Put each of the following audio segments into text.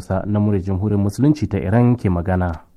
hausa na muryar jamhuriyar musulunci ta iran ke magana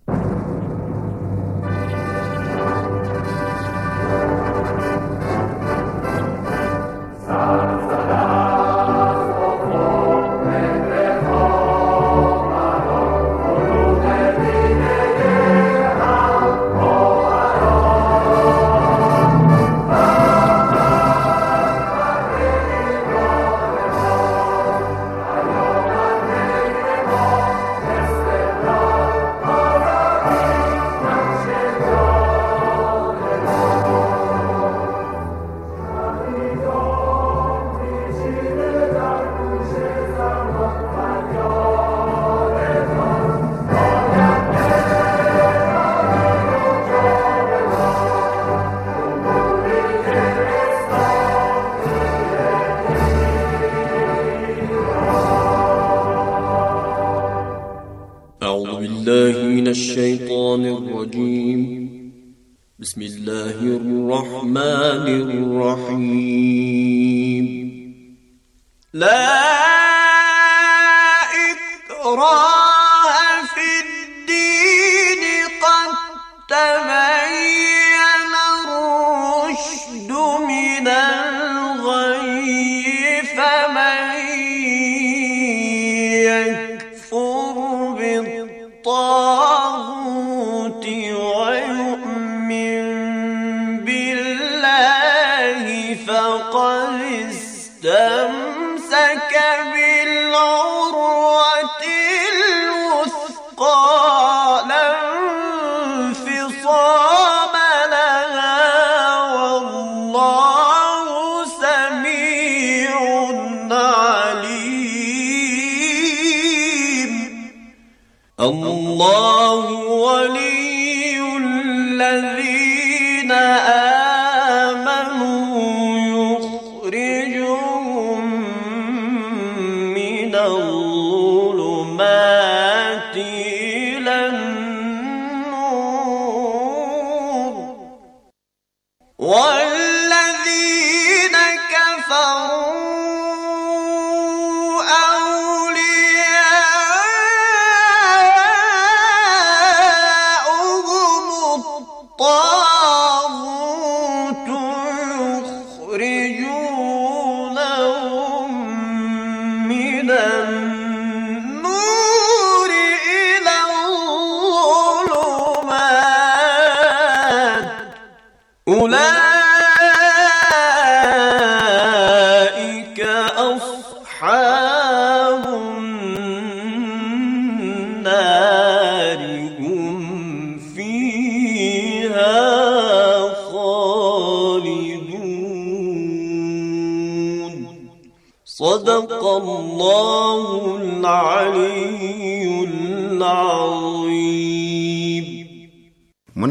والله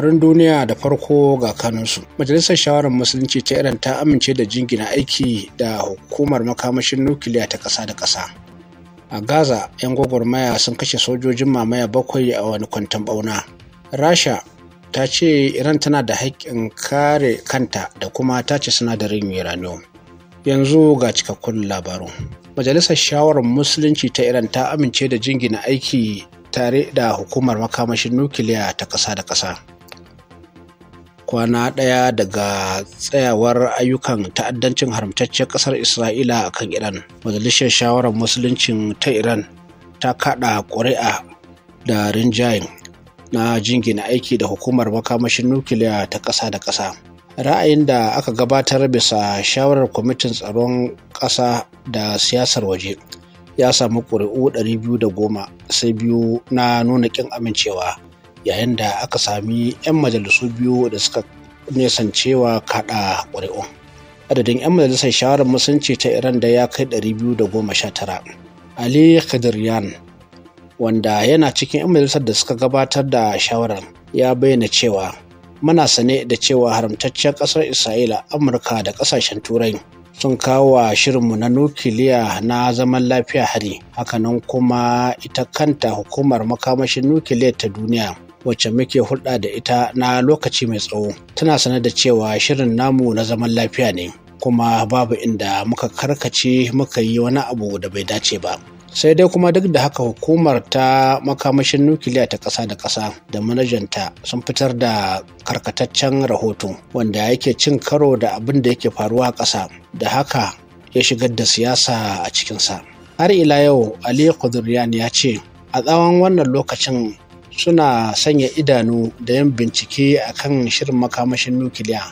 labarun duniya da farko ga kanunsu. Majalisar shawarar musulunci ta Iran ta amince da jingina aiki da hukumar makamashin nukiliya ta kasa da kasa. A Gaza, 'yan gwagwarmaya sun kashe sojojin mamaya bakwai a wani kwantan bauna. Rasha ta ce Iran tana da haƙƙin kare kanta da kuma ta ce sinadarin uranium. Yanzu ga cikakkun labaru. Majalisar shawarar musulunci ta Iran ta amince da jingina aiki tare da hukumar makamashin nukiliya ta ƙasa da kasa. kwana ɗaya daga tsayawar ayyukan ta'addancin haramtacciyar ƙasar isra'ila a kan iran majalisar shawarar musuluncin ta iran ta kaɗa ƙuri'a da rinjayen na jingina aiki da hukumar makamashin nukiliya ta ƙasa da ƙasa ra'ayin da aka gabatar bisa shawarar kwamitin tsaron ƙasa da siyasar waje ya samu ƙuri'u 210 sai biyu na nuna ƙin amincewa yayin da aka sami 'yan majalisu biyu da suka nesancewa kada ƙuri'un adadin 'yan majalisar shawarar musulunci ta iran da ya kai 219 ali khadiryan wanda yana cikin 'yan majalisar da suka gabatar da shawarar ya bayyana cewa muna sane da cewa haramtaccen ƙasar isra'ila amurka da ƙasashen turai sun kawo wa shirinmu na nukiliya na zaman lafiya hari hakanan kuma ita kanta hukumar makamashin nukiliya ta duniya wacce muke hulɗa da ita na lokaci mai tsawo tana sanar da cewa shirin namu na zaman lafiya ne kuma babu inda muka karkace muka yi wani abu da bai dace ba sai dai kuma duk da haka hukumar ta makamashin nukiliya ta ƙasa da ƙasa da manajanta sun fitar da karkataccen rahoto wanda yake cin karo da abin da yake faruwa a ƙasa da haka ya shigar da siyasa a cikinsa har ila yau ali kudurian ya ce a tsawon wannan lokacin suna sanya idanu da 'yan bincike a kan shirin makamashin nukiliya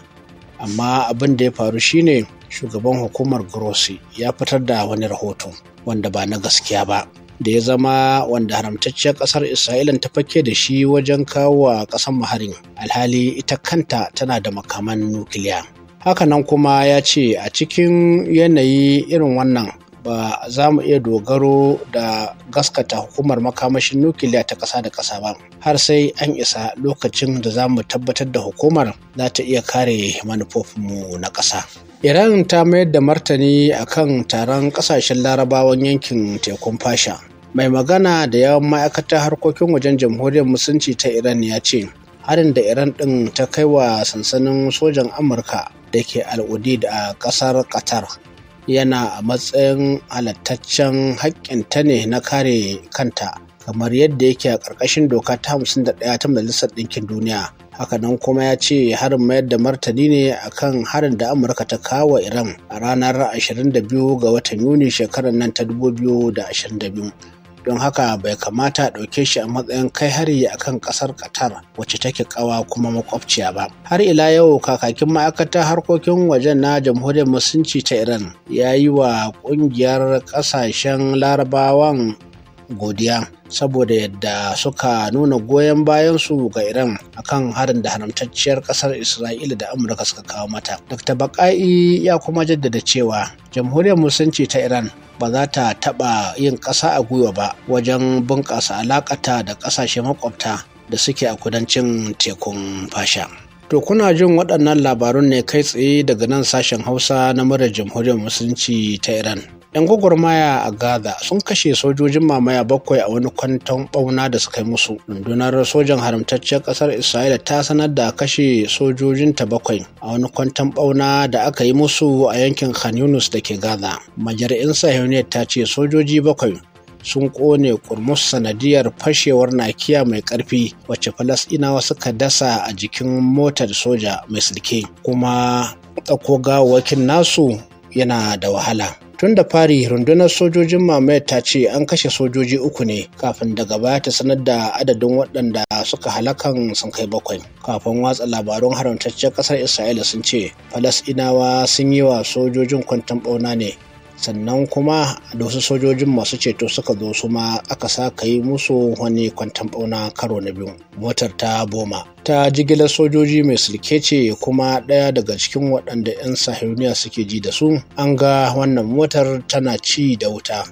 amma abin da ya faru shine shugaban hukumar grossi ya fitar da wani rahoto wanda ba na gaskiya ba da ya zama wanda haramtacciyar ƙasar isra'ila ta fake da shi wajen kawo wa ƙasar maharin alhali ita kanta tana da makaman nukiliya hakanan kuma ya ce a cikin yanayi irin wannan ba za mu iya dogaro da gaskata hukumar makamashin nukiliya ta ƙasa da ƙasa ba har sai an isa lokacin da za mu tabbatar da hukumar za ta iya kare manufofinmu na ƙasa iran ta mayar da martani a kan taron ƙasashen larabawan yankin tekun fasha mai magana da yawan ma'aikatar harkokin wajen jamhuriyar musulunci ta iran ya ce harin da iran ɗin ta kai wa sansanin sojan amurka da ke al'udi da ƙasar qatar yana a matsayin halattaccen ta ne na kare kanta kamar yadda yake a ƙarƙashin doka ta 51 ta majalisar ɗinkin duniya haka nan kuma ya ce harin mayar da martani ne akan harin da amurka ta kawo iran a ranar 22 ga watan yuni shekarar nan ta 2022 don haka bai kamata a ɗauke shi a matsayin kai hari a kan ƙasar qatar wacce take ƙawa kuma makwabciya ba har ila yau kakakin ma'aikatar harkokin wajen na jamhuriyar musulunci ta iran ya yi wa ƙungiyar ƙasashen larabawan godiya saboda yadda suka nuna goyon bayansu ga iran akan harin da haramtacciyar kasar isra'ila da amurka suka kawo mata dr bakai ya kuma jaddada cewa jamhuriyar musulunci ta iran ba za ta taɓa yin ƙasa a gwiwa ba wajen bunƙasa alaƙata da ƙasashe makwabta da suke a kudancin tekun fasha to kuna jin waɗannan labarun ne kai tsaye daga nan sashen hausa na murar jamhuriyar musulunci ta iran 'yan gwagwarmaya a gaza sun kashe sojojin mamaya bakwai a wani kwanton bauna da suka yi musu rundunar sojan haramtacciyar kasar isra'ila ta sanar da kashe sojojinta bakwai a wani kwanton bauna da aka yi musu a yankin khan da ke gaza in sahiyoniyar ta ce sojoji bakwai sun kone kurmus sanadiyar fashewar nakiya mai karfi wacce falasdinawa suka dasa a jikin motar soja mai silke kuma tsako gawakin nasu yana da wahala tun da fari rundunar sojojin mamayar ta ce an kashe sojoji uku ne kafin daga baya ta sanar da adadin waɗanda suka halakan sun kai bakwai kafin watsa labarun haramtaccen ƙasar isra'ila sun ce falasɗinawa sun yi wa sojojin kwantan ɓauna ne sannan kuma da wasu sojojin masu ceto suka zo su ma aka ka yi musu wani kwantan bauna karo na biyu motar ta boma ta jigilar sojoji mai sulke ce kuma ɗaya daga cikin waɗanda 'yan sahiruniya suke ji da su an ga wannan motar tana ci da wuta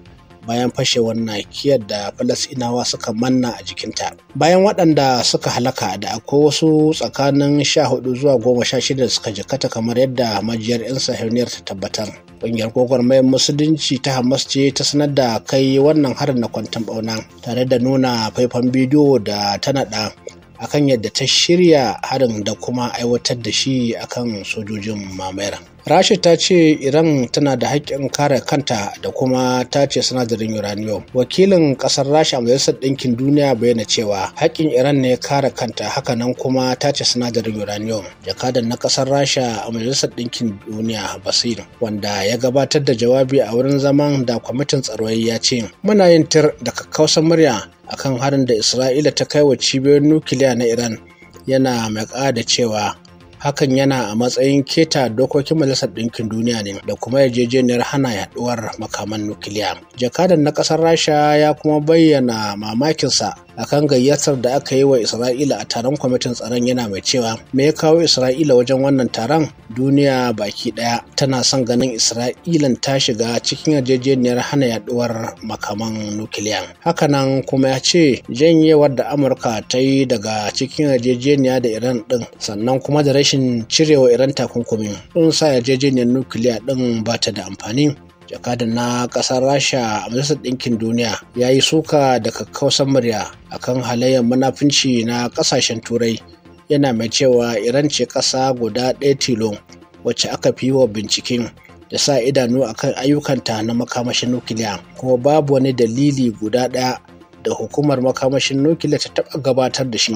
bayan fashewar kiyar da falasinawa suka manna a jikinta bayan waɗanda suka halaka da akwai wasu tsakanin 14 zuwa 16 da suka jikata kamar yadda majiyar 'yan sahiruniyar ta tabbatar kungiyar mai musulunci ta hamas ce ta sanar da kai wannan harin na kwantan bauna tare da nuna faifan bidiyo da ta naɗa akan yadda ta shirya harin da kuma aiwatar da shi akan sojojin mamayar Rashi ta ce iran tana da haƙƙin kare kanta da kuma ta ce sinadarin uranium wakilin ƙasar rasha majalisar ɗinkin duniya bayyana cewa haƙƙin iran ne kare kanta hakanan kuma ta ce sinadarin uranium jakadan na ƙasar rasha a majalisar ɗinkin duniya basir wanda ya gabatar da jawabi a wurin zaman da kwamitin tsaro ya ce muna yin tir da kakkausar murya akan harin da isra'ila ta kai wa cibiyoyin nukiliya na iran yana mai da cewa hakan yana a matsayin keta dokokin majalisar ɗinkin duniya ne da kuma yarjejeniyar hana yaduwar makaman nukiliya jakadan na ƙasar rasha ya kuma bayyana mamakinsa akan gayyatar da aka yi wa isra'ila a taron kwamitin tsaron yana mai cewa me ya kawo isra'ila wajen wannan taron duniya baki daya tana son ganin isra'ilan ta shiga cikin yarjejeniyar hana yaduwar makaman nukiliya hakanan kuma ya ce janyewar da amurka ta yi daga cikin yarjejeniya da iran din sannan kuma da rashin rashin cirewa iran takunkumi, sun sa yarjejeniyar nukiliya din ba ta da amfani jakadan na kasar rasha a majalisar ɗinkin duniya ya yi suka da kakkausan murya akan halayyar manafinci na ƙasashen turai yana mai cewa iran ce ƙasa guda ɗaya tilo wacce aka fi wa binciken da sa idanu akan ayyukanta na makamashin nukiliya kuma babu wani dalili guda ɗaya da hukumar makamashin nukiliya ta taɓa gabatar da shi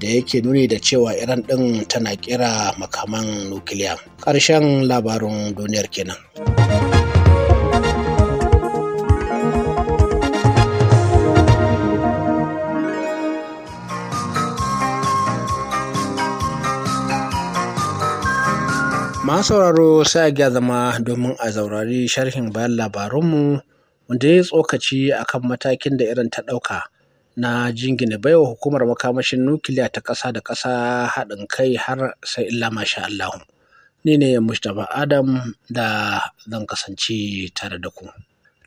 da yake nuni da cewa iran ɗin tana kira makaman nukiliya ƙarshen labarin duniyar kenan. masu sauraro sai ga zama domin a zaurari sharhin bayan labarunmu wanda ya tsokaci akan matakin da irin ta ɗauka na jingina baiwa hukumar makamashin nukiliya ta ƙasa da ƙasa haɗin kai har sai illa masha Allah Ni ne Mustapha Adam da zan kasance tare da ku.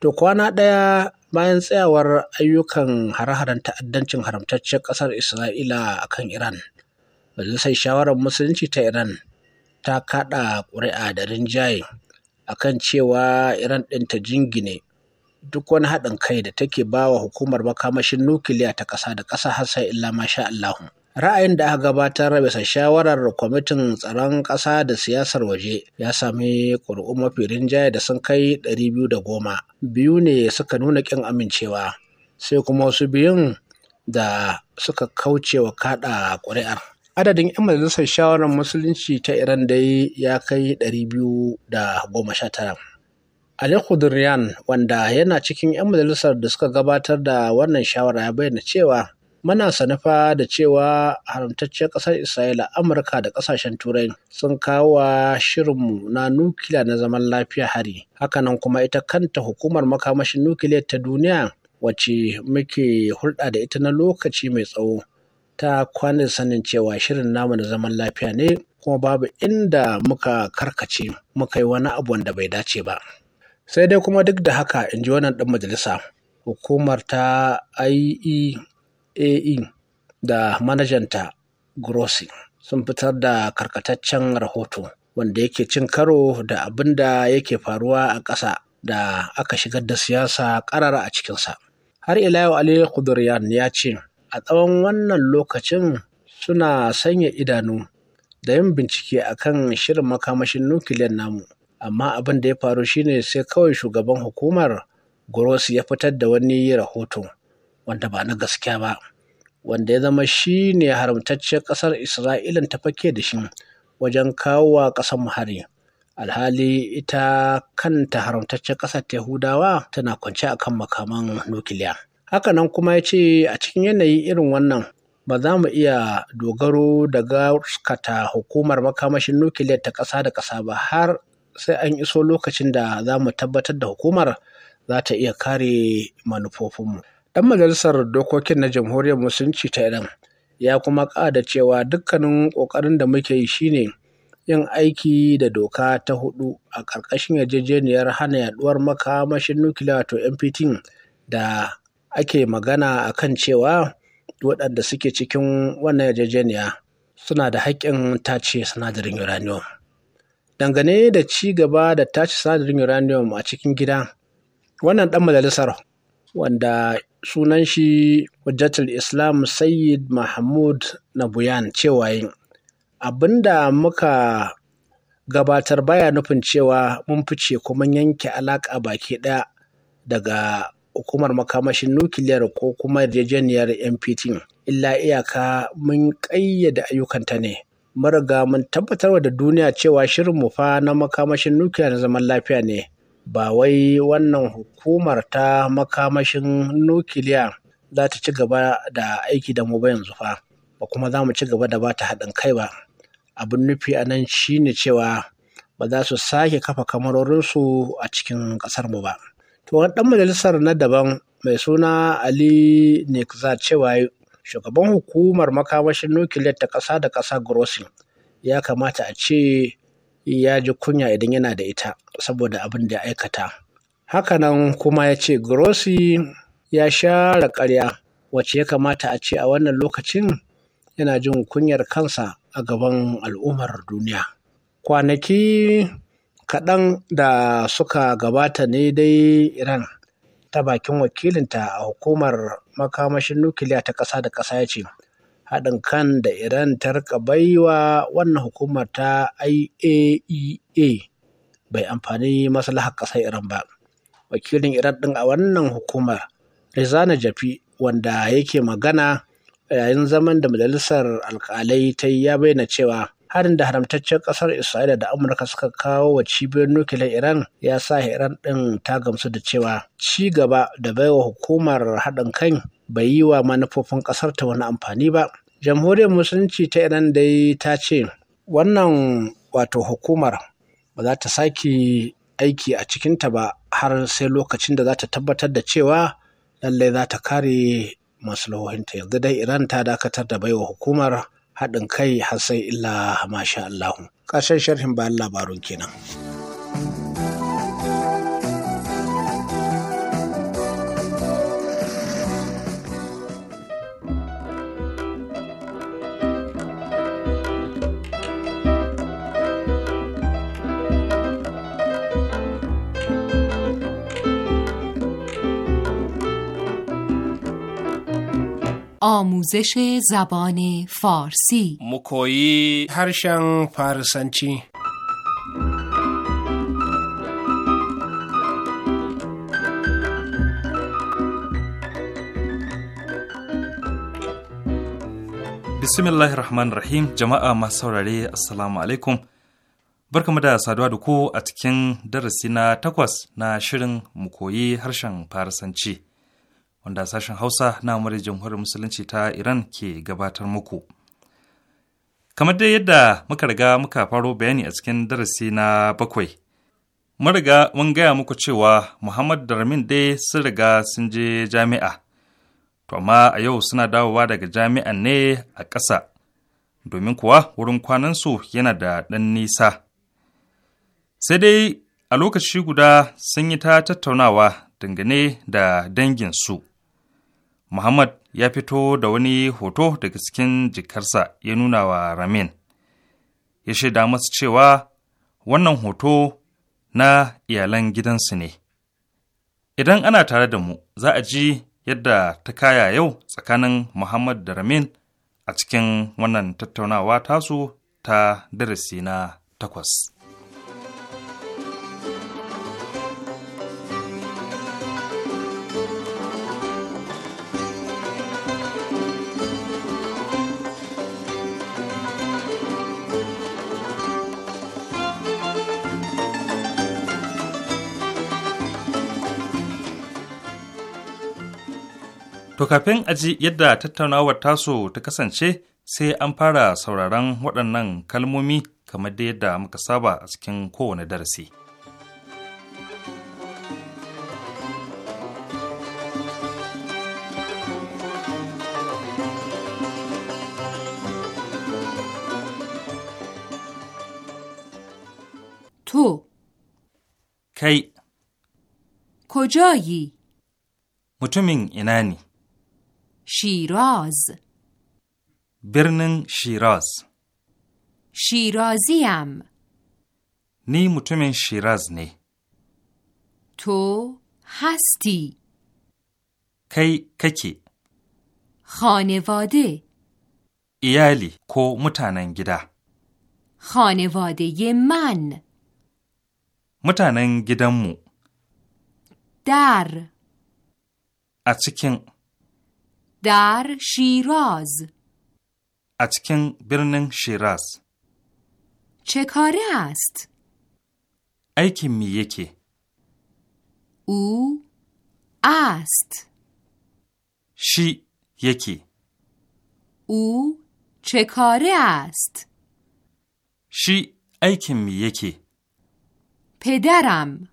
To kwana ɗaya bayan tsayawar ayyukan hare-haren ta'addancin haramtaccen ƙasar Isra'ila a kan Iran, sai shawarar musulunci ta Iran ta kaɗa ƙuri'a da rinjaye a kan cewa Iran ɗin ta jingine duk wani haɗin kai da take ba wa hukumar makamashin nukiliya ta ƙasa da ƙasa har sai illa masha Allahu. Ra'ayin da aka gabatar bisa shawarar kwamitin tsaron ƙasa da siyasar waje ya sami ƙuri'un mafi rinjaye da sun kai ɗari biyu da goma. Biyu ne suka nuna ƙin amincewa sai kuma wasu biyun da suka kauce wa kaɗa ƙuri'ar. Adadin 'yan majalisar shawarar musulunci ta Iran dai ya kai ɗari biyu da goma sha tara. Ali Khudurian wanda yana cikin 'yan majalisar da suka gabatar da wannan shawara ya bayyana cewa muna sanufa da cewa haramtacciyar ƙasar Isra'ila Amurka da ƙasashen Turai sun kawo wa shirinmu na nukiliya na zaman lafiya hari. Hakanan kuma ita kanta hukumar makamashin nukiliya ta duniya wacce muke hulɗa da ita na lokaci mai tsawo ta kwanin sanin cewa shirin namu na zaman lafiya ne kuma babu inda muka karkace muka yi wani abu wanda bai dace ba. sai dai kuma duk da haka in ji wannan ɗan majalisa hukumar ta IEAE e da manajanta Grossi sun fitar da karkataccen rahoto wanda yake cin karo da abin da yake faruwa a ƙasa da aka shigar da siyasa ƙarara a cikinsa. Har ila yau Ali Kudurian ya ce, a tsawon wannan lokacin suna sanya idanu da yin bincike akan shirin makamashin nukiliyar namu. amma abin da ya faru shine sai kawai shugaban hukumar Gross ya fitar da wani rahoto wanda ba na gaskiya ba wanda ya zama shi ne haramtacciyar ƙasar isra'ila ta fake da shi wajen kawo wa ƙasar hari alhali ita kanta haramtaccen ƙasar ta yahudawa tana kwance a kan makaman nukiliya hakanan kuma ya ce a cikin yanayi irin wannan ba za mu iya dogaro da gaskata hukumar makamashin nukiliyar ta ƙasa da ƙasa ba har sai an iso lokacin da za mu tabbatar da hukumar za ta iya kare manufofinmu. Ɗan majalisar dokokin na jamhuriyar musulunci ta Iran ya kuma ƙada cewa dukkanin ƙoƙarin da muke yi shine yin aiki da doka ta hudu a ƙarƙashin yarjejeniyar hana yaduwar makamashin nukiliya to NPT da ake magana a kan cewa waɗanda suke cikin wannan yarjejeniya suna da haƙƙin tace sinadarin uranium. dangane da ci gaba da tashi sadarin uranium a cikin gida wannan dan majalisar wanda sunan shi hujjatul islam sayyid mahmud buyan cewa yin abinda muka gabatar baya nufin cewa mun fice kuma yanke alaƙa baki ɗaya daga hukumar makamashin nukiliyar ko kuma yarjejeniyar npt illa iyaka mun ƙayyade ayyukanta ne mariga mun tabbatar da duniya cewa shirin mu fa na makamashin nukiliya na zaman lafiya ne ba wai wannan hukumar ta makamashin nukiliya za ta ci gaba da aiki da mu ba yanzu fa ba kuma za mu ci gaba da ba ta haɗin kai ba abin nufi a nan shine cewa ba za su sake kafa kamarorinsu a cikin ƙasar mu ba to wani ɗan majalisar na daban mai suna ali nekza cewa shugaban hukumar makamashin nukiliyar ta ƙasa da ƙasa grossing ya kamata a ce ya ji kunya idan yana da ita saboda abin da ya aikata hakanan kuma ya ce grossi ya share ƙarya wacce ya kamata a ce a wannan lokacin yana jin kunyar kansa a gaban al'ummar duniya kwanaki kaɗan da suka gabata ne dai iran ta bakin wakilinta a hukumar makamashin nukiliya ta ƙasa da ƙasa ya ce haɗin kan da iran ta rika baiwa wannan hukumar ta iaea e bai amfani maslahar ƙasar iran ba wakilin iran ɗin a wannan hukumar rizana jafi wanda yake magana yayin zaman da majalisar alkalai ta yi ya bayyana cewa harin da haramtaccen kasar isra'ila da amurka suka kawo wa cibiyar nukiliyar iran ya sa iran ɗin ta gamsu da cewa ci gaba da baiwa hukumar haɗin kan bai yi wa manufofin kasar ta wani amfani ba jamhuriyar musulunci ta iran dai ta ce wannan wato hukumar ba za ta sake aiki a cikinta ba har sai lokacin da za ta tabbatar da cewa lallai za ta kare masu maslahohinta yanzu dai iran ta dakatar da baiwa hukumar haɗin kai har sai illa masha Allahu. Ƙarshen sharhin bayan labarun kenan. آموزش زبان فارسی مکویی هرشن فارسنچی الله الرحمن Rahim, jama'a ما saurare السلام alaikum. Barkamu da saduwa da ku a cikin darasi na takwas na shirin mukoyi harshen Farisanci. wanda sashen Hausa na murar jamhuriyar Musulunci ta Iran ke gabatar muku. Kamar dai yadda muka riga muka faro bayani a cikin darasi na bakwai, mun riga mun gaya muku cewa Muhammad Darmin dai sun riga sun je jami'a, to amma a yau suna dawowa daga jami'an ne a ƙasa, domin kuwa wurin kwanansu yana da ɗan nisa. Sai dai a lokaci guda sun yi ta tattaunawa dangane da danginsu. su. Muhammad ya fito da wani hoto daga cikin jikarsa ya nuna wa Ramin. Ya shaida masa cewa wannan hoto na iyalan gidansu ne. Idan ana tare da mu, za a ji yadda ta kaya yau tsakanin Muhammad da Ramin a cikin wannan tattaunawa tasu ta darasi na takwas. To kafin aji yadda tattaunawar taso ta kasance sai an fara sauraron waɗannan kalmomi kamar da yadda muka saba a cikin kowane darasi. تو کی Mutumin ina اینانی شیراز برنن شیراز شیرازیم نی متمن شیراز نی تو هستی کی ککی خانواده ایالی کو متانن گیدا خانواده من متانن مو در ا در شیراز اچکن برنن شیراز چه کاره است؟ که می یکی او است شی یکی او چه کاره است؟ شی که می یکی پدرم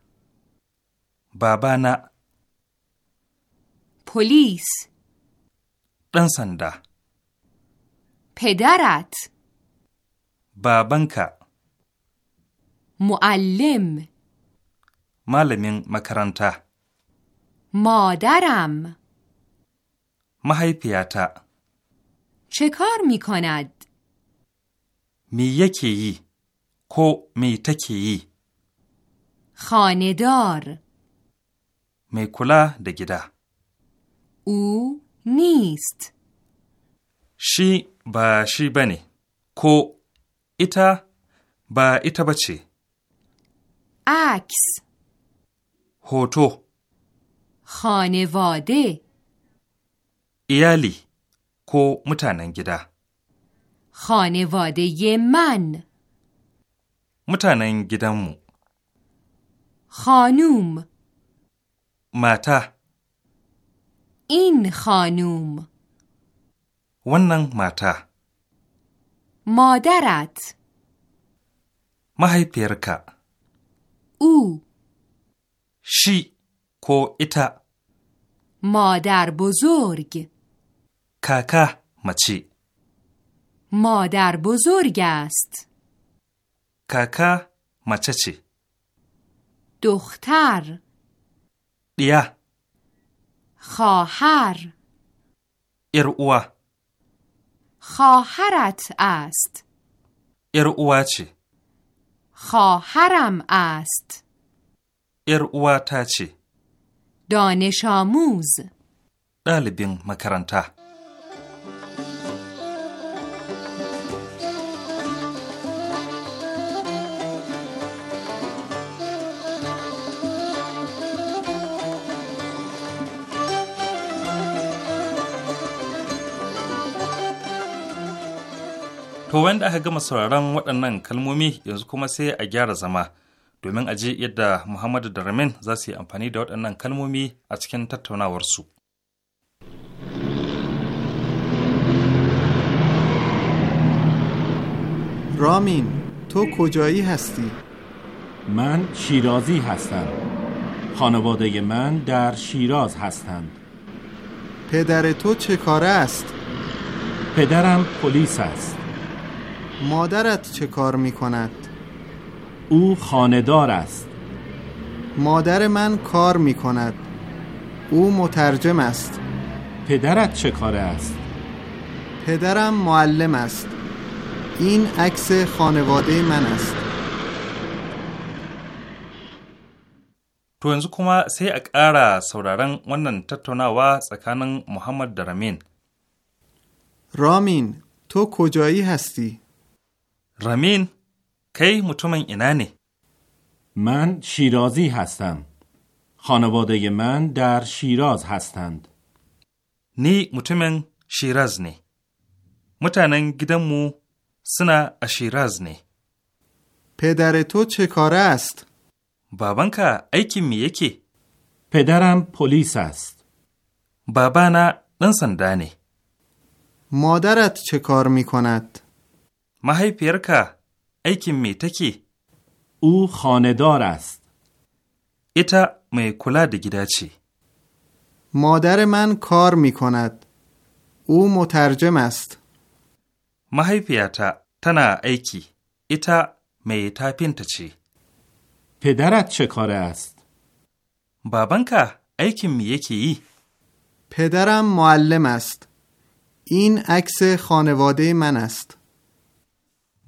نه. پلیس ɗan sanda. پدرت بابنکا معلم معلمین مکرانتا مادرم محیپیاتا چه کار می کند؟ می یکی ای. کو می تکی ای. خاندار می کلا دگیده او نیست شی با شی بنی کو ایتا با ایتا بچه عکس هوتو خانواده ایالی کو متانن گیدا خانواده من متانن مو خانوم ماتا این خانوم ونن ماتا مادرت مهی پیرکا او شی کو ایتا مادر بزرگ کاکا مچی مادر بزرگ است کاکا مچچی دختر دیا خواهر ارعوا خواهرت است ارعوا چی؟ خواهرم است ارعوا تا چی؟ دانش آموز طالب مکرنته To wanda aka gama sauraron waɗannan kalmomi yanzu kuma sai a gyara zama domin a ji yadda Muhammadu da Ramin za su yi amfani da waɗannan kalmomi a cikin tattaunawarsu. رامین تو کجایی هستی؟ من شیرازی هستم خانواده من در شیراز هستند پدر تو چه کاره است؟ پدرم پلیس ast مادرت چه کار می کند؟ او خاندار است مادر من کار می کند او مترجم است پدرت چه کار است؟ پدرم معلم است این عکس خانواده من است تو yanzu kuma sai a ƙara sauraron wannan tattaunawa tsakanin Muhammad da Ramin. رامین تو کجایی هستی؟ رامین کی مطمئن اینانه من شیرازی هستم خانواده من در شیراز هستند نی مطمئن شیراز نه مو گیدمو سنا شیراز نه پدر تو چه کار است؟ بابان که ایکی می یکی پدرم پلیس است بابانا دن نه. مادرت چه کار می کند؟ mahaifiyarka aikin me take? او خاندار است. ایتا می کلا ده گیدا مادر من کار می او مترجم است. mahaifiyata تنا ایکی ita می tafinta چی پدرت چه کاره است؟ بابانکا aikin می yake پدرم معلم است. این عکس خانواده من است.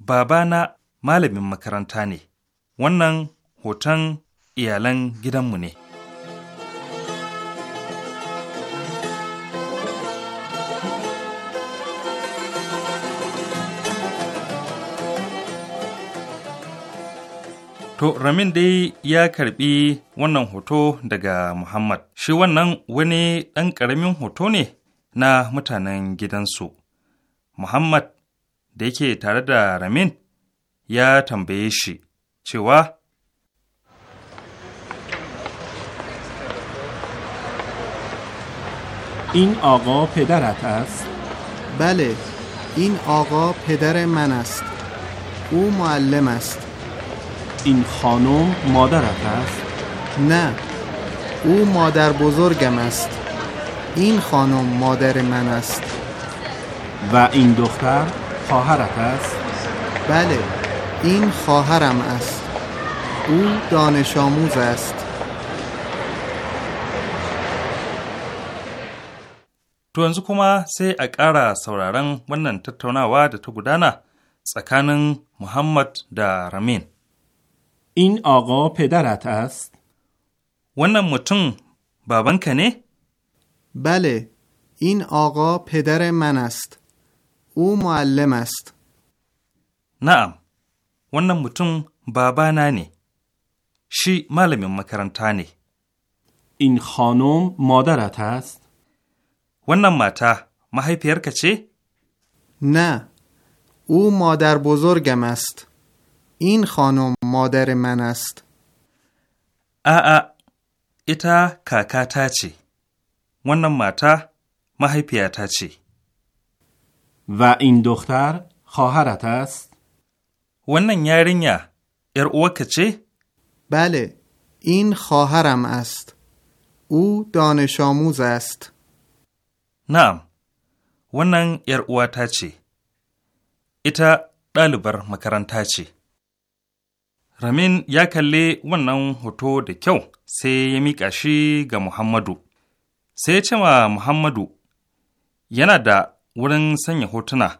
babana malamin makaranta ne, wannan hoton iyalan gidanmu ne. To, Ramin dai ya karbi wannan hoto daga Muhammad, shi wannan wani ɗan ƙaramin hoto ne na mutanen gidansu. Muhammad da yake tare da Ramin ya tambaye این آقا پدرت است؟ بله این آقا پدر من است او معلم است این خانم مادرت است؟ نه او مادر بزرگم است این خانم مادر من است و این دختر خواهرت است؟ بله این خواهرم است او دانش آموز است To yanzu kuma sai a ƙara sauraron wannan tattaunawa da ta gudana tsakanin Muhammad da Ramin. in aga pedarat ast wannan mutum babanka ne? bale in aga پدر man ast. U معلم است. wannan mutum babana ne. Shi malamin makaranta ne. In خانم مادرت است. wannan mata mahaifiyarka ce? Na. U مادر بزرگم است. این خانم مادر من است. A'a. Ita kakata ce. wannan mata mahaifiyata ce. و این دختر خواهرت است؟ ونن یارینیا ار اوکه چه؟ بله این خواهرم است او دانش آموز است نعم ونن ار اواتا چه ایتا دالبر مکرانتا چه Ramin ya kalli wannan hoto da kyau sai ya miƙa shi ga Muhammadu. Sai ya ce wa Muhammadu, yana da wurin sanya hotuna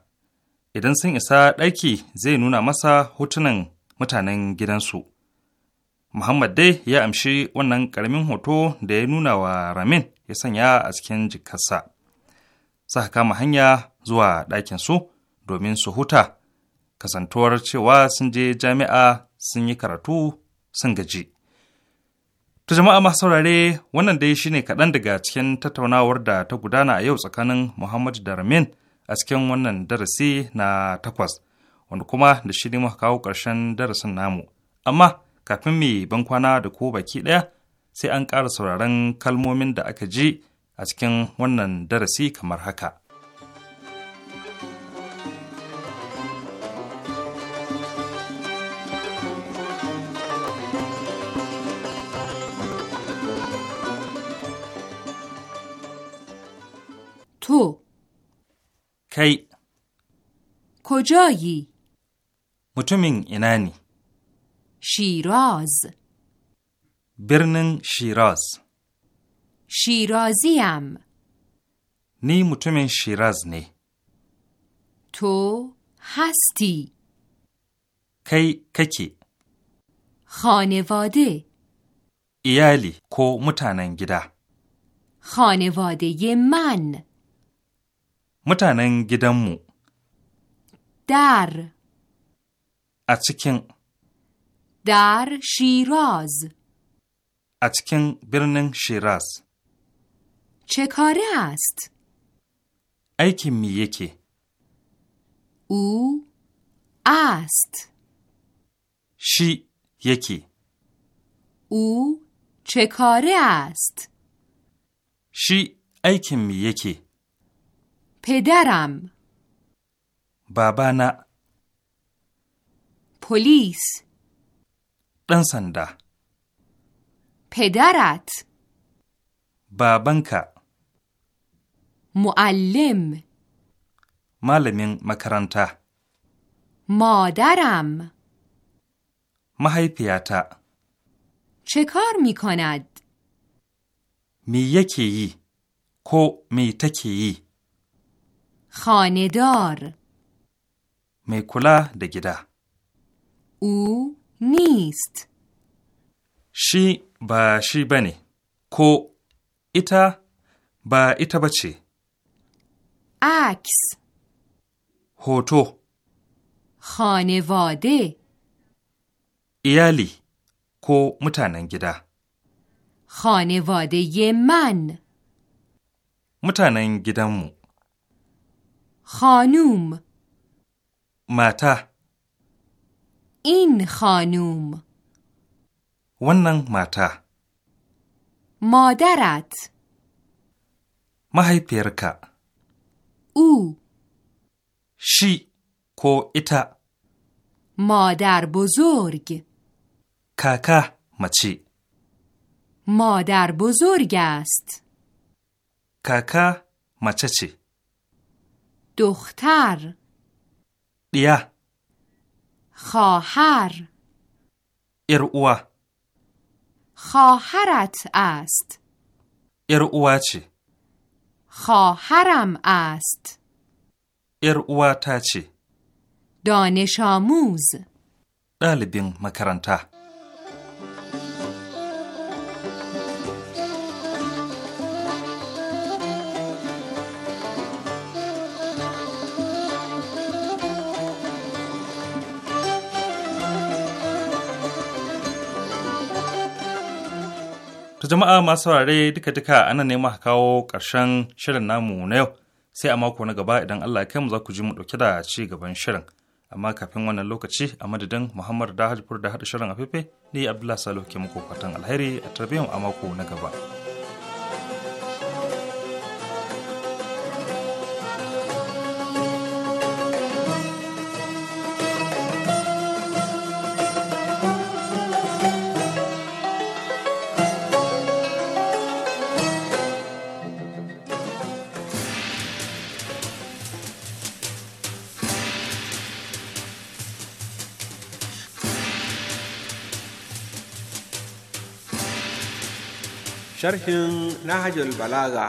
idan sun isa ɗaki zai nuna masa hotunan mutanen gidansu muhammad dai ya amshi wannan ƙaramin hoto da ya nuna wa ramin ya sanya a cikin jikarsa suka kama hanya zuwa ɗakinsu domin su huta kasantuwar cewa sun je jami'a sun yi karatu sun gaji To jama'a masu saurare wannan dai shine kaɗan daga cikin tattaunawar da ta gudana a yau tsakanin Muhammadu da Ramin a cikin wannan darasi na takwas wanda kuma da shi ne muka kawo ƙarshen darasin namu. Amma kafin mai ban kwana da ko baki ɗaya sai an ƙara sauraron kalmomin da aka ji a cikin wannan darasi kamar haka. کی کجایی؟ متومین اینانی شیراز برنن شیراز شیرازیم نی متومین شیراز نی تو هستی کی ککی خانواده ایالی کو متانن گیده خانواده من mutanen gidanmu. Dar A cikin Dar Shiraz A cikin birnin Shiraz. Cekare ast Aikin mi yake? U ast Shi yake. U cekare ast Shi aikin mi yake? پدرم بابانا پلیس ɗan sanda. Pedarat. Babanka. Muallim. Malamin makaranta. Madaram. Mahaifiyata. چه کار Me yake yi ko me take yi? خاندار میکولا دگیده او نیست شی با شی بنی کو ایتا با ایتا بچی عکس هوتو خانواده ایالی کو متانن گیده خانواده من متانن خانوم ماتا این خانوم ونن ماتا مادرت مهی پیرکا او شی کو ایتا مادر بزرگ کاکا مچی مادر بزرگ است کاکا مچچی دختر دیا خواهر ارعوا خواهرت است ارعوا چی؟ خواهرم است ارعوا تا چی؟ دانش آموز دالبین مکرانته jama'a masu saurare duka-duka ana nema kawo karshen shirin namu na yau sai a mako na gaba idan Allah ya kai mu za ku ji mu ɗauke da ci gaban shirin. Amma kafin wannan lokaci a madadin Muhammad Dahajpur da haɗa shirin a fefe ne Abdullahi Salihu ke muku fatan alheri a tarbiyyar a mako na gaba. sharhin Nahajul Balaga.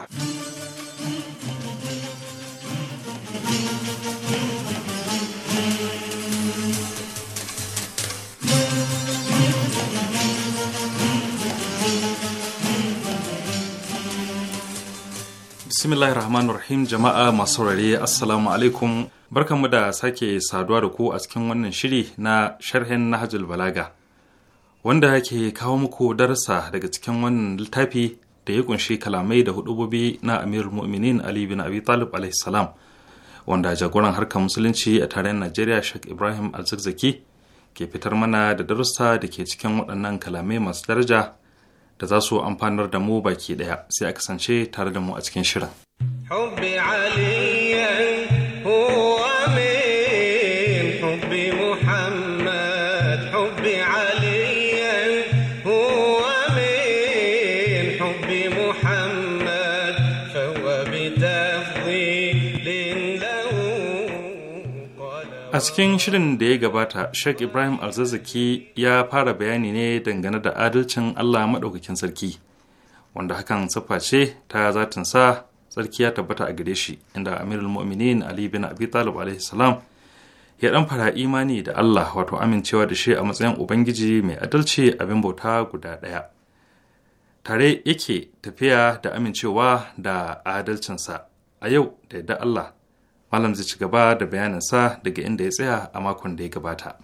bismillahir rahmanir rahim jama'a masu saurare assalamu alaikum barkanmu da sake saduwa da ku a cikin wannan shiri na sharhin nahajul balaga wanda ke kawo muku darasa daga cikin wannan littafi da ya kunshi kalamai da hudubobi na amir mu'minin ali bin abi talib alaihi salam wanda jagoran harkar musulunci a tarayyar najeriya sheikh ibrahim alzakzaki ke fitar mana da darussa da ke cikin waɗannan kalamai masu daraja da za su amfanar da mu baki ɗaya sai a kasance tare da mu a cikin shirin. A cikin shirin da ya gabata, Sheikh Ibrahim Alzazzaki ya fara bayani ne dangane da adalcin Allah maɗaukakin sarki, wanda hakan siffa ce ta sa sarki ya tabbata a gare shi, inda Amirul Mu'minin Ali bin Abi Talib alaihi ya ɗan fara imani da Allah wato amincewa da shi a matsayin Ubangiji mai adalci abin bauta guda ɗaya. Tare yake tafiya da amincewa da adalcinsa a yau da yadda Allah malam zai ci gaba da bayaninsa daga inda ya tsaya a makon da ya gabata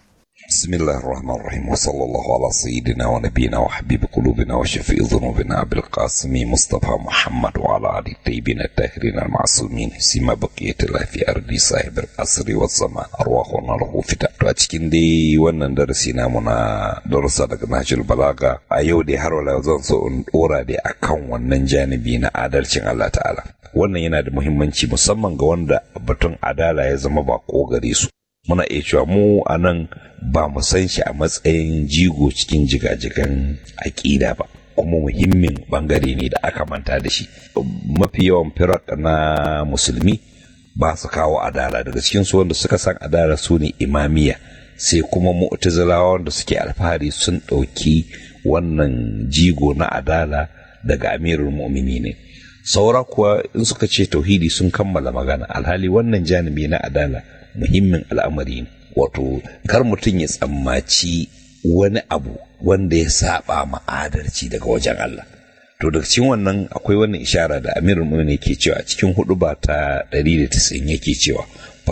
Bismillahi rmahirrahimu wasala al'adu wa ala sayyidina wa nabina wa Habiba kulobina wa shafi izinin waɗana Abel kasimi Mustapha, Muhammadu Al'adu, Taifi, Tahir na Musamman, Sima, Bukayi, Talafi, Ardiza, Habiba, Asari, Watsam, Arua, Kurnal, Hufida. To a cikin dai wannan darasi namu na darussa daga Najeriya Balaga. A yau dai har wani zan so in ɗora dai a wannan janibi na adalcin Allah Ta'ala. Wannan yana da muhimmanci musamman ga wanda batun adala ya zama ba ko su. muna iya cewa mu a nan ba mu san shi a matsayin jigo cikin jigajigan aƙida ba kuma muhimmin bangare ne da aka manta da shi mafi yawan firak na musulmi ba su kawo adala daga cikin su wanda suka san adala su ne imamiya sai kuma mu'tazilawa wanda suke alfahari sun ɗauki wannan jigo na adala daga amirul mu'mini ne saura kuwa in suka ce tauhidi sun kammala magana alhali wannan janibi na adala muhimmin al'amari wato kar mutum ya tsammaci wani abu wanda ya saba ma'adarci daga wajen Allah to daga cikin wannan akwai wannan ishara da amirul mu'minin yake cewa a cikin hudu ba ta 190 yake cewa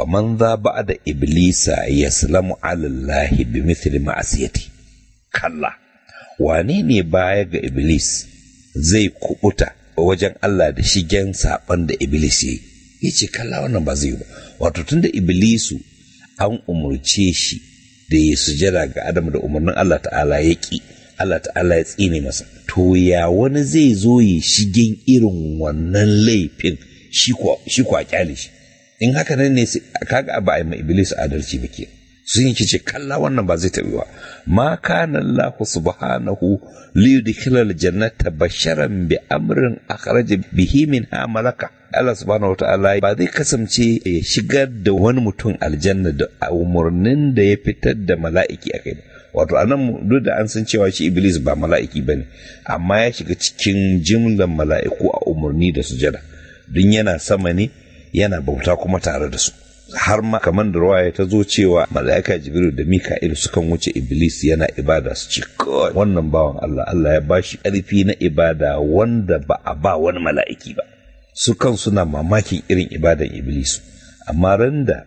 man za ba da iblisa yaslamu alallahi bi mithli ma'asiyati kalla wane ne baya ga iblis zai kubuta wajen Allah da shigen saban da iblis ya yi ce kalla wannan ba zai yi ba wato tun da iblisu an umurce shi da ya sujada ga adam da umarnin allah ta'ala ya ki allah ta'ala ya tsine masa to ya wani zai zo ya shigen irin wannan laifin shi kwa kyale shi in haka nan ne kaga ba a yi ma iblis adalci ba kenan sun yi kice kalla wannan ba zai tabi ba ma kana Allah subhanahu li yudkhilal jannata basharan bi amrin akhraj bihi min amalaka Allah subhanahu wataala ba zai kasance ya shigar da wani mutum aljanna da umarnin da ya fitar da mala'iki akai ba wato anan duk da an san cewa shi iblis ba mala'iki bane amma ya shiga cikin jimlan mala'iku a umarni da sujada don yana sama ne yana bauta kuma tare da su har ma kamar da ruwaya ta zo cewa mala'ika jibril da mika'il sukan wuce iblis yana ibada su ce wannan bawan allah allah ya bashi karfi na ibada wanda ba a ba wani mala'iki ba su kan suna mamakin irin ibadan iblis amma ran da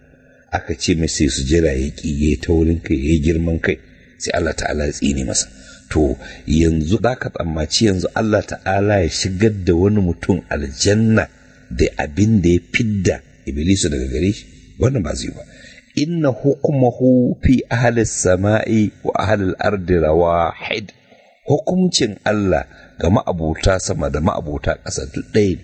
aka ce mai sai su jira ya ƙi ya taurin kai ya girman kai sai allah ta'ala ya tsini masa to yanzu za ka tsammaci yanzu allah ta'ala ya shigar da wani mutum aljanna da abin da ya fidda Iblis daga gare shi wannan ba zai ba inna hukumahu fi ahalis sama'i wa ahalil ardi rawa haid hukumcin Allah ga ma'abota sama da ma'abota ƙasa duk ɗaya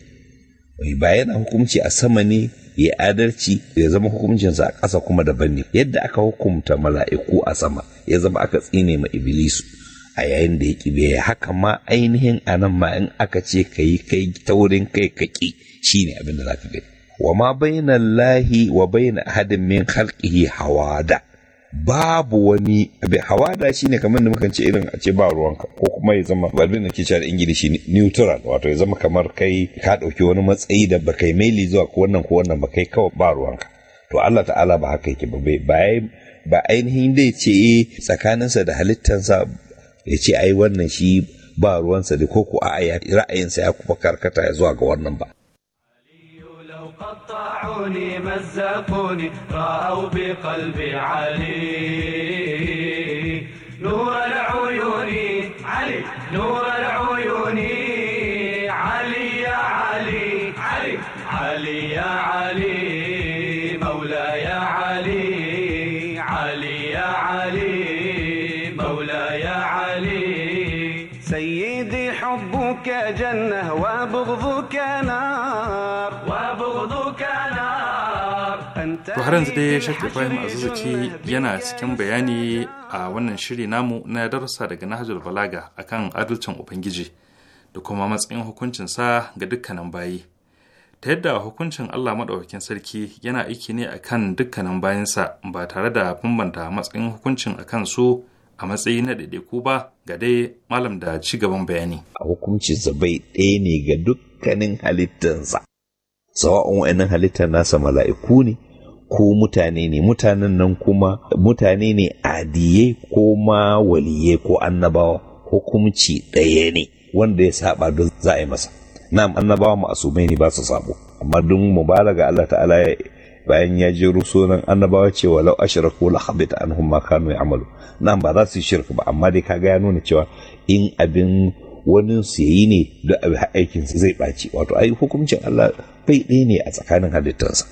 ne ba yana hukunci a sama ne ya adalci ya zama hukumcinsa a ƙasa kuma daban ne yadda aka hukumta mala'iku a sama ya zama aka tsine ma iblisu a yayin da ya ƙibe haka ma ainihin anan ma in aka ce ka yi kai taurin kai ka ƙi shine abin da za ka gani wa ma bainallahi wa baina hadin min khalqihi hawada babu wani abin hawada ne kamar da mukan ce irin a ce ba ruwanka ko kuma ya zama balbin da ke cewa ingilishi neutral wato ya zama kamar kai ka ɗauki wani matsayi da baka yi maili zuwa ko wannan ko wannan baka yi kawai ba ruwanka to Allah ta'ala ba haka yake ba ba ainihin dai ce eh, tsakaninsa da halittansa ya ce ai wannan shi ba ruwansa da ko ko a ra'ayinsa ya kuma karkata ya zuwa ga wannan ba جرحوني مزقوني رأوا بقلبي علي نور العيون علي نور العيون علي يا علي علي علي يا علي مولاي يا علي علي يا علي مولاي يا علي سيدي حبك جنة وبغضك نار To har yanzu dai Sheikh Ibrahim Azuzuki yana cikin bayani a wannan shiri namu na darussa daga Nahjul Balaga akan adalcin Ubangiji da kuma matsayin hukuncinsa ga dukkanin bayi. Ta yadda hukuncin Allah Maɗaukakin Sarki yana aiki ne akan dukkanin bayansa ba tare da bambanta matsayin hukuncin akan su a matsayi na ɗaiɗaiku ba ga dai malam da ci gaban bayani. A hukunci zabai ɗaya ne ga dukkanin halittansa. Sawa'un wa'annan halittar nasa mala'iku ne, ko mutane ne mutanen nan kuma mutane ne adiyai ko ma waliyai ko annabawa hukumci ɗaya ne wanda ya saba don za a yi masa na'am annabawa ma'asumai ne ba su sabo amma don mubalaga Allah ta'ala bayan ya je rusunan annabawa ce walau ashraku la habita anhum ma kanu ya'malu nan ba za su shirka ba amma dai kaga ya nuna cewa in abin wani su yi ne da aikin zai ɓaci wato ai hukuncin Allah bai ɗaya ne a tsakanin halittarsa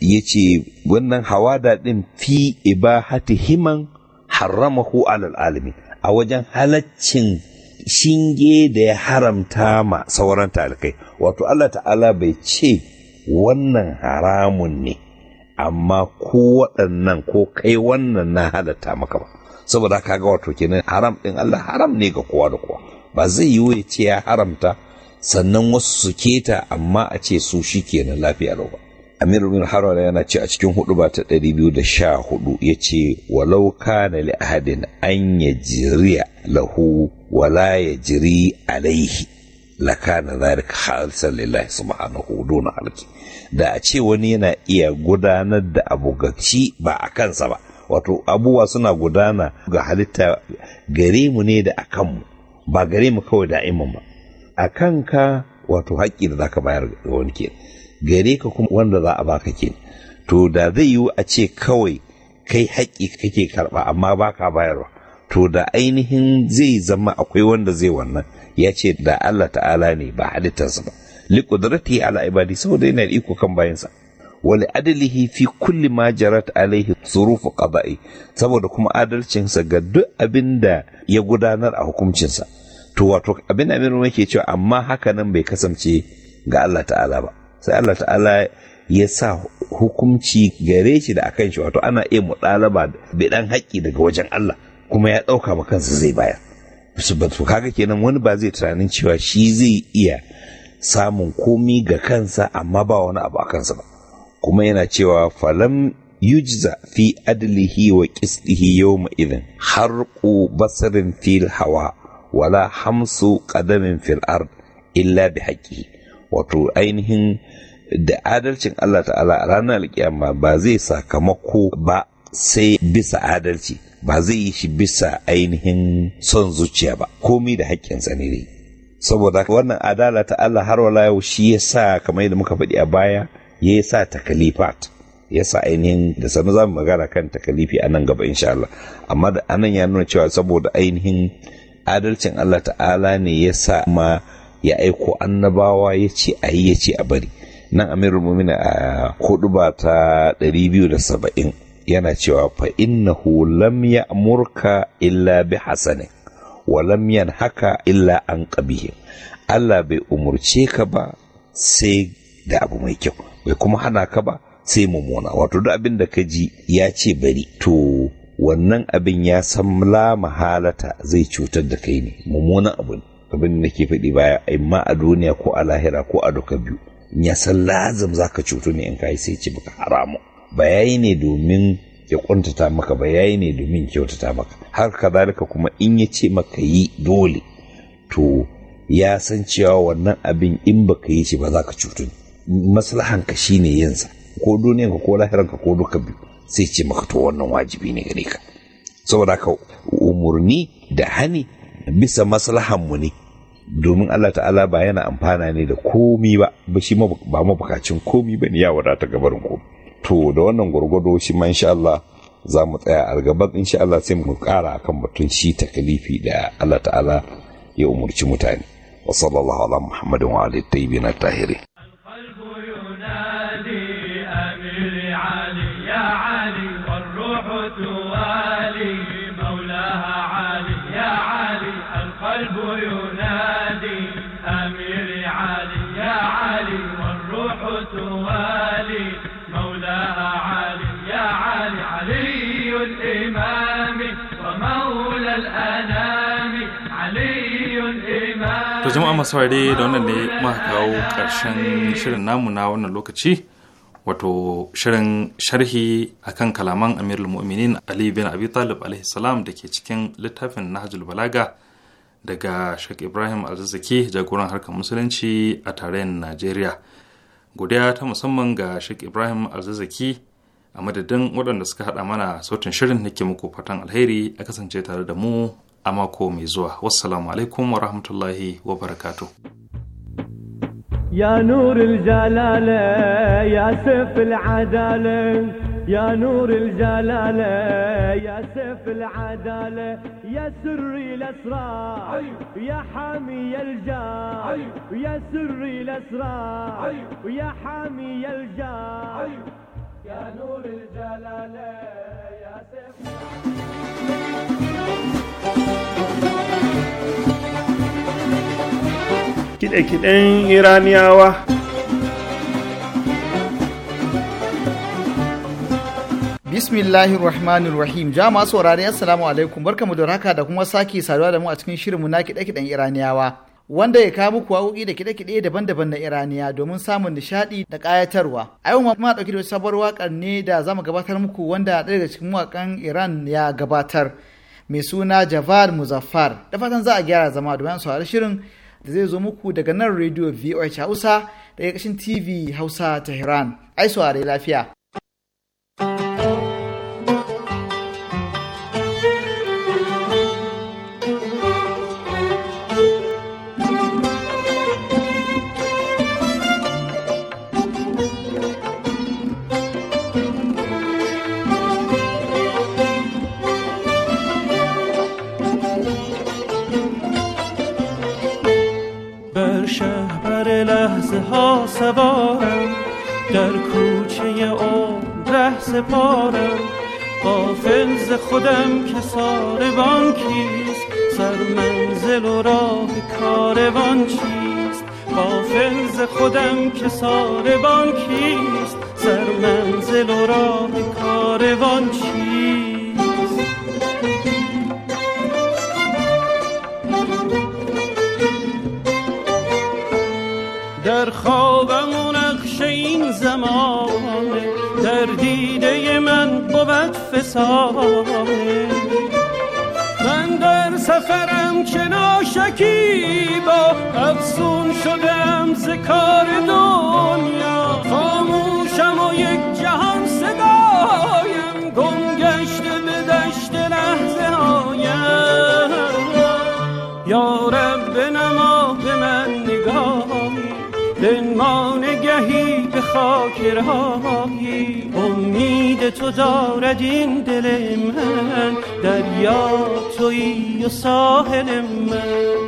ya ce wannan hawada ɗin fi ibahati himan haramahu ko alami a wajen halaccin shinge da ya haramta ma sauran talikai wato Allah ta'ala bai ce wannan haramun ne amma ko waɗannan ko kai wannan na halatta maka ba saboda kaga wato kenan haram ɗin Allah haram ne ga kowa da kowa ba zai yi ya ce ya haramta sannan wasu su keta amma a ce su shi kenan lafiya ba amir bin harwala yana ce a cikin hudu da ta hudu ya ce walau kana li ahadin an ya jiriya lahu wala ya jiri alaihi la kana zalika khalisan lillahi subhanahu duna halki da a ce wani yana iya gudanar da abu ga ci ba a kansa ba wato abubuwa suna gudana ga halitta gare mu ne da a mu ba gare mu kawai imam ba a kanka wato haƙƙi da zaka bayar ga wani kenan gare ka kuma wanda za a baka ke to da zai yiwu a ce kawai kai haƙƙi kake karɓa amma baka bayarwa to da ainihin zai zama akwai wanda zai wannan ya ce da Allah ta'ala ne ba halittarsa ba li qudrati ala ibadi saboda yana da iko kan bayansa Wani adalihi fi kulli ma jarat alaihi suruf qada'i saboda kuma adalcinsa ga duk abinda ya gudanar a hukuncinsa to wato abin da yake cewa amma haka nan bai kasance ga Allah ta'ala ba sai Allah ta'ala ya sa hukunci gare shi da akan shi wato ana iya muɗalaba bai dan haƙƙi daga wajen Allah kuma ya ɗauka ma kansa zai bayar su kaga kenan wani ba zai tunanin cewa shi zai iya samun komi ga kansa amma ba wani abu a kansa ba kuma yana cewa falam yujza fi adlihi wa qistihi yawma idhin harqu basarin fil hawa wala hamsu qadamin fil ard illa bi haƙƙi. wato ainihin da adalcin Allah ta'ala a ranar alkiyama ba zai sakamako ba sai bisa adalci ba zai yi shi bisa ainihin son zuciya ba komi da haƙƙinsa ne dai saboda wannan adala ta Allah har wala yau shi ya sa kamar yadda muka faɗi a baya ya sa takalifat ya sa ainihin da sanu za mu magana kan takalifi a nan gaba insha Allah amma da anan ya nuna cewa saboda ainihin adalcin Allah ta'ala ne ya sa ma ya aiko annabawa ya ce a yi ya ce a bari nan amirul mu'mina a hudu ba ta saba'in yana cewa fa innahu lam Amurka illa bi hasanin wa lam haka illa an kabihin. Allah bai umurce ka ba sai da abu mai kyau bai kuma hana ka ba sai mummuna wato duk abin da ka ji ya ce bari to wannan abin ya san la mahalata zai cutar da kai ne mummunan abu ne abin da nake faɗi baya Amma a duniya ko a lahira ko a duka biyu in ya san lazim za ka ne in ka yi sai ci baka haramu ba yi ne domin ya kuntata maka ba yi ne domin kyautata maka har kadalika kuma in ya ce maka yi dole to ya san cewa wannan abin in baka yi shi ba za ka cutu maslahanka shine yinsa ko duniyanka ko lahiranka ko duka biyu sai ce maka to wannan wajibi ne gare ka saboda haka umurni da hani bisa maslahanmu ne domin Allah ta'ala ba yana amfana ne da komi ba ba shi ba mabukacin komi ba ne ya wadata gabarin ku to da wannan gwargwado shi ma insha Allah za mu tsaya a gaban insha Allah sai mu kara akan batun shi takalifi da Allah ta'ala ya umurci mutane wa sallallahu ala muhammadin wa alihi tayyibin tahirin القلب ينادي أمير علي يا علي والروح توالي مولاها علي يا علي علي الإمام ومولى الأنام علي الإمام to jama'a masu ware da wannan ne muka kawo ƙarshen shirin namu na wannan lokaci wato shirin sharhi akan kalaman amirul mu'minin ali bin abi talib alaihi salam da ke cikin littafin nahjul balaga daga Sheikh Ibrahim Alzazzaki jagoran harkar musulunci a tarayyar Najeriya. Godiya ta musamman ga Sheikh Ibrahim Alzazzaki a madadin waɗanda suka haɗa mana sautin shirin nake muku fatan alheri a kasance tare da mu a mako mai zuwa. Wassalamu alaikum wa rahmatullahi wa barakatu. Ya nuril jalale ya sifil العدالة يا نور الجلالة يا سيف العدالة يا سري الأسرار يا حامي الجار يا سري الأسرار يا حامي الجار يا نور الجلالة يا سيف Kiɗe-kiɗen Iraniyawa Bismillahir Rahmanir Rahim. Jama'a saurare Assalamu alaikum. Barkamu da raka da kuma sake saduwa da mu a cikin shirinmu na kiɗe-kiɗen Iraniyawa. Wanda ya kawo muku waƙoƙi da kiɗe-kiɗe daban-daban na Iraniya domin samun nishaɗi da kayatarwa. A yau ma ɗauki da sabuwar waƙar ne da zamu gabatar muku wanda ɗaya daga cikin waƙan Iran ya gabatar. Mai suna Javad Muzaffar. Da fatan za a gyara zama domin saurari shirin da zai zo muku daga nan Radio VOH Hausa da ƙarshen TV Hausa Tehran. Ai saurare lafiya. ساروان کیست سر منزل و راه کاروان چیست با فلز خودم که ساروان کیست سر منزل و راه کاروان چیست در خوابم و نقش این زمانه در دیده من بود فسانه شکیبا با افزون شدم ز کار دنیا خاموشم و یک جهان صدایم گم گشته به دشت لحظه هایم یارب نما به من نگاهی ما نگهی به خاک تو دارد این دل من دریا توی و ساحل من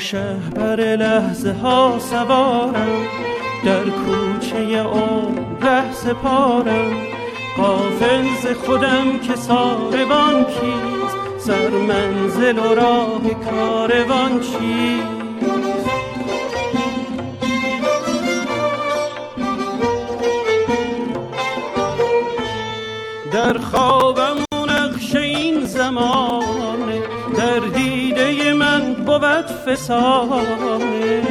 شهر در لحظه ها سوارم در کوچه او لحظه پارم قافل خودم که ساربان کیست سر منزل و راه کاروان چیست در خوابم نقش این زمان بود فسانه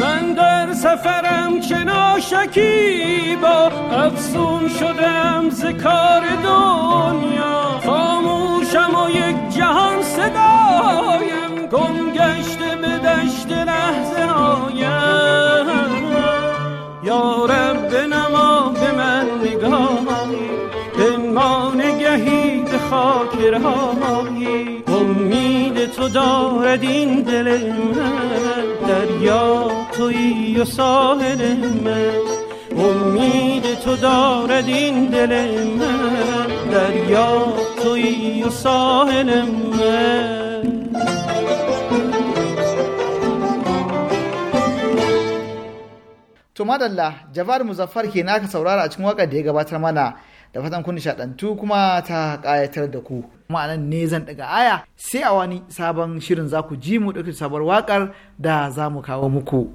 من در سفرم چه ناشکی با افسون شدم ز کار دنیا خاموشم و یک جهان صدایم گم گشته به دشت لحظه آیم یارب رب نما به من نگاهی ما نگهی به تو دارد این دل من دریا تویی و ساحل من امید تو دارد این دل من دریا تویی و ساحل من To madalla, Jafar Muzaffar ke naka saurara a cikin waƙar da ya gabatar mana da fatan kun nishaɗantu kuma ta ƙayatar da ku kuma anan ne zan daga aya sai a wani sabon shirin za ku ji mu ɗauki sabuwar waƙar da za mu kawo muku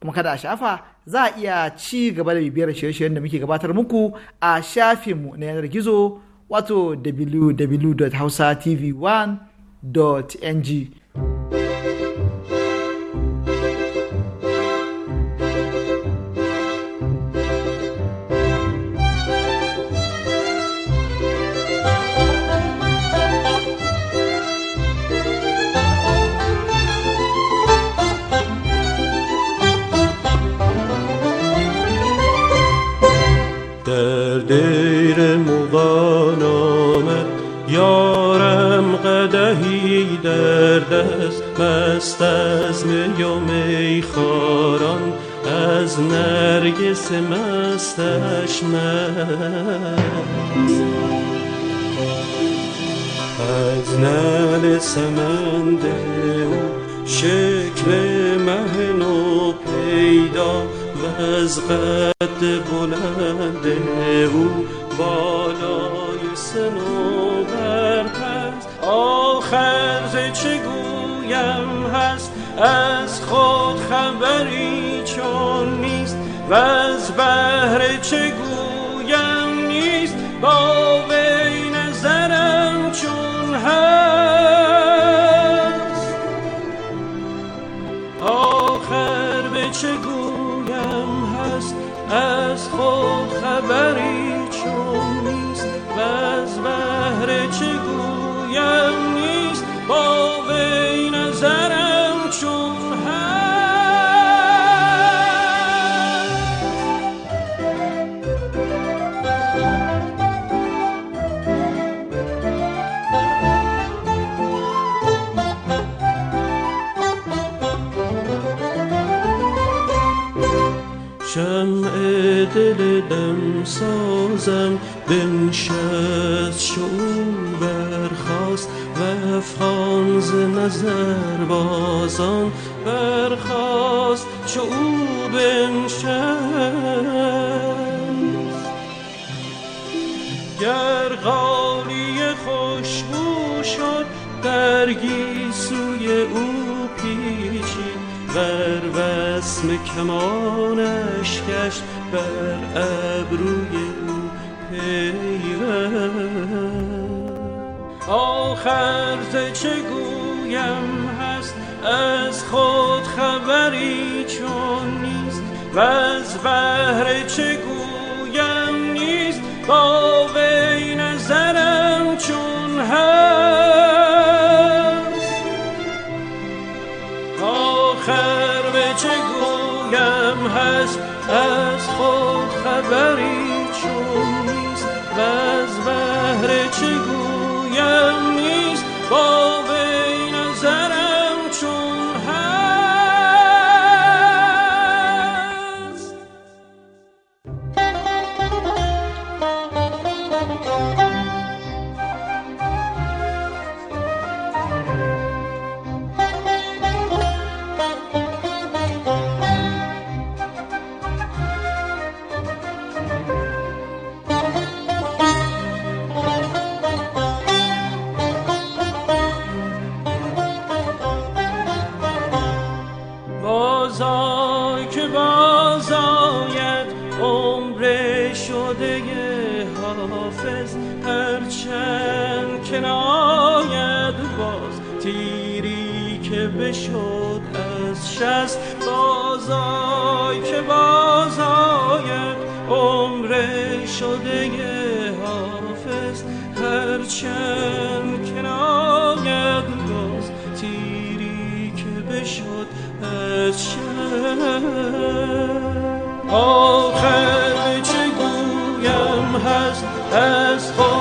kuma kada a shafa za a iya ci gaba da bibiyar shirye-shiryen da muke gabatar muku a shafinmu na yanar gizo wato www.hausatv1.ng قد بلند او بالای سنوبر هست آخر ز چه گویم هست از خود خبری چون نیست و از بر شمع دل دم سازم بنشست شعور برخواست و افغان ز نظر بازان برخواست شعور بنشست گر غالی خوشبو شد برگی سوی او پیچید بر وسم کمانه بر ابروی او آخر چه گویم هست از خود خبری چون نیست و از بهر چه گویم نیست با وی نظرم چون هست بريء تیری که بشد از شست بازای که بازای عمر شده حافظ هرچند که ناید باز تیری که بشد از شست آخر چه گویم هست از خود